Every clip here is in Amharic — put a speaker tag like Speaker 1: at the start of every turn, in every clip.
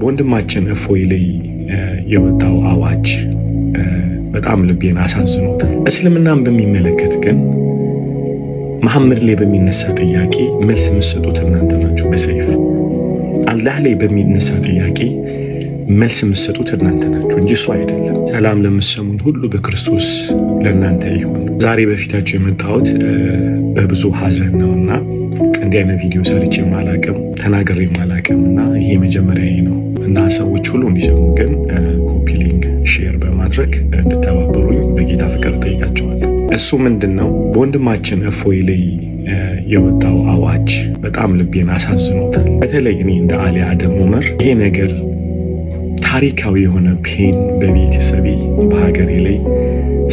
Speaker 1: በወንድማችን እፎይ ላይ የወጣው አዋጅ በጣም ልቤን አሳዝኖታል። እስልምናን በሚመለከት ግን መሐመድ ላይ በሚነሳ ጥያቄ መልስ የምትሰጡት እናንተ ናችሁ። በሰይፍ አላህ ላይ በሚነሳ ጥያቄ መልስ የምትሰጡት እናንተ ናችሁ እንጂ እሱ አይደለም። ሰላም ለምሰሙን ሁሉ በክርስቶስ ለእናንተ ይሁን። ዛሬ በፊታቸው የመጣሁት በብዙ ሀዘን ነውና እንዲህ አይነት ቪዲዮ ሰርቼ ማላቅም ተናግሬ ማላቅም እና ይሄ መጀመሪያ ነው እና ሰዎች ሁሉ እንዲሰሙ ግን ኮፒሊንግ ሼር በማድረግ እንድተባበሩኝ በጌታ ፍቅር ጠይቃቸዋል። እሱ ምንድን ነው በወንድማችን እፎይ ላይ የወጣው አዋጅ በጣም ልቤን አሳዝኖታል። በተለይ እኔ እንደ አሊ አደም ኡመር ይሄ ነገር ታሪካዊ የሆነ ፔን በቤተሰቤ በሀገሬ ላይ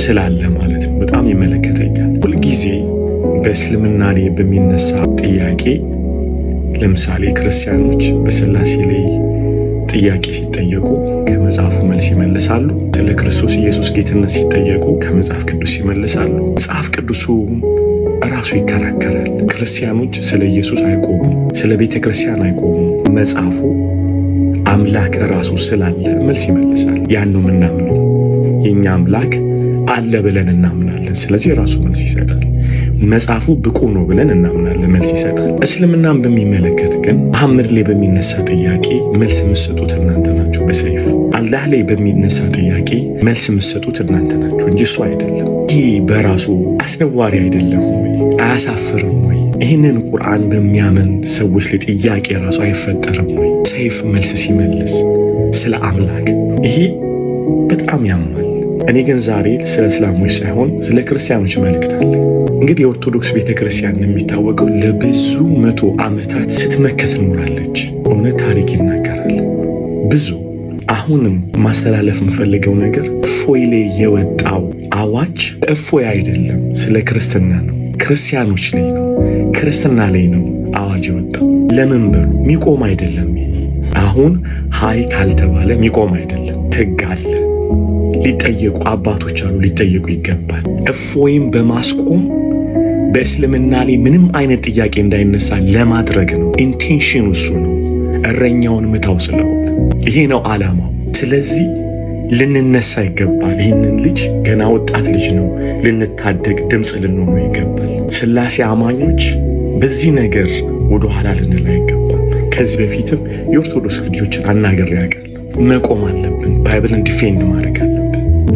Speaker 1: ስላለ ማለት ነው በጣም ይመለከተኛል። ሁልጊዜ በእስልምና ላይ በሚነሳ ጥያቄ ለምሳሌ ክርስቲያኖች በስላሴ ላይ ጥያቄ ሲጠየቁ ከመጽሐፉ መልስ ይመልሳሉ። ስለ ክርስቶስ ኢየሱስ ጌትነት ሲጠየቁ ከመጽሐፍ ቅዱስ ይመልሳሉ። መጽሐፍ ቅዱሱ ራሱ ይከራከራል። ክርስቲያኖች ስለ ኢየሱስ አይቆሙም፣ ስለ ቤተ ክርስቲያን አይቆሙም። መጽሐፉ አምላክ ራሱ ስላለ መልስ ይመልሳል። ያን ነው የምናምነው። የእኛ አምላክ አለ ብለን እናምናለን። ስለዚህ ራሱ መልስ ይሰጣል። መጽሐፉ ብቁ ነው ብለን እናምናለን፣ መልስ ይሰጣል። እስልምናን በሚመለከት ግን መሐመድ ላይ በሚነሳ ጥያቄ መልስ የምትሰጡት እናንተ ናችሁ። በሰይፍ አላህ ላይ በሚነሳ ጥያቄ መልስ የምትሰጡት እናንተ ናችሁ እንጂ እሱ አይደለም። ይህ በራሱ አስነዋሪ አይደለም ወይ? አያሳፍርም ወይ? ይህንን ቁርአን በሚያምን ሰዎች ላይ ጥያቄ ራሱ አይፈጠርም ወይ? ሰይፍ መልስ ሲመልስ ስለ አምላክ ይሄ በጣም ያማል። እኔ ግን ዛሬ ስለ እስላሞች ሳይሆን ስለ ክርስቲያኖች መልእክት አለ። እንግዲህ የኦርቶዶክስ ቤተ ክርስቲያን የሚታወቀው ለብዙ መቶ ዓመታት ስትመከት ኖራለች። እውነት ታሪክ ይናገራል። ብዙ አሁንም ማስተላለፍ የምፈልገው ነገር ፎይሌ የወጣው አዋጅ እፎይ አይደለም፣ ስለ ክርስትና ነው። ክርስቲያኖች ላይ ነው፣ ክርስትና ላይ ነው አዋጅ የወጣው። ለምን በሉ ሚቆም አይደለም። አሁን ሀይ ካልተባለ ሚቆም አይደለም። ህግ አለ። ሊጠየቁ አባቶች አሉ፣ ሊጠየቁ ይገባል። እፎይም በማስቆም በእስልምና ላይ ምንም አይነት ጥያቄ እንዳይነሳ ለማድረግ ነው። ኢንቴንሽን እሱ ነው። እረኛውን ምታው ስለሆነ ይሄ ነው አላማው ስለዚህ ልንነሳ ይገባል። ይህንን ልጅ ገና ወጣት ልጅ ነው፣ ልንታደግ ድምፅ ልንሆኑ ይገባል። ስላሴ አማኞች በዚህ ነገር ወደኋላ ልንላ ይገባል። ከዚህ በፊትም የኦርቶዶክስ ልጆችን አናገር ያቀል መቆም አለብን። ባይብልን ዲፌንድ ማድረግ አለብን።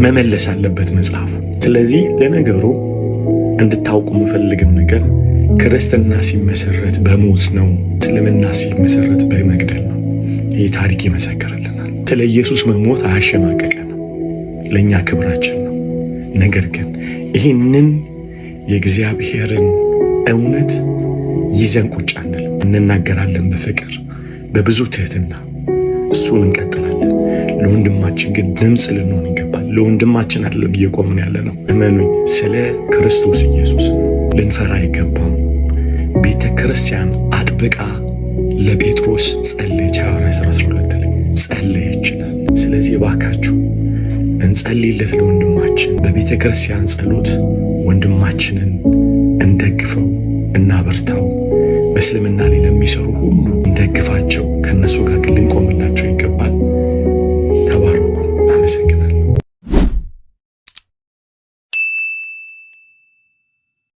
Speaker 1: መመለስ አለበት መጽሐፉ። ስለዚህ ለነገሩ እንድታውቁ የምፈልገው ነገር ክርስትና ሲመሰረት በሞት ነው፣ እስልምና ሲመሰረት በመግደል ነው። ይህ ታሪክ ይመሰክርልናል። ስለ ኢየሱስ መሞት አያሸማቀቀንም፣ ለእኛ ክብራችን ነው። ነገር ግን ይህንን የእግዚአብሔርን እውነት ይዘን ቁጭ አንልም። እንናገራለን በፍቅር በብዙ ትህትና እሱን እንቀጥላለን። ለወንድማችን ግን ድምፅ ልንሆን ይገባል። ለወንድማችን አይደለም እየቆምን ያለ ነው። እመኑኝ፣ ስለ ክርስቶስ ኢየሱስ ልንፈራ አይገባም። ቤተ ክርስቲያን አጥብቃ ለጴጥሮስ ጸለየች። ሐዋርያት ሥራ 12 ላይ ጸለየች ስለዚህ እባካችሁ እንጸልይለት ለወንድማችን። በቤተ ክርስቲያን ጸሎት ወንድማችንን እንደግፈው፣ እናበርታው። በእስልምና ላይ ለሚሰሩ ሁሉ እንደግፋቸው፣ ከእነሱ ጋር ግን ልንቆምላቸው ይገባል።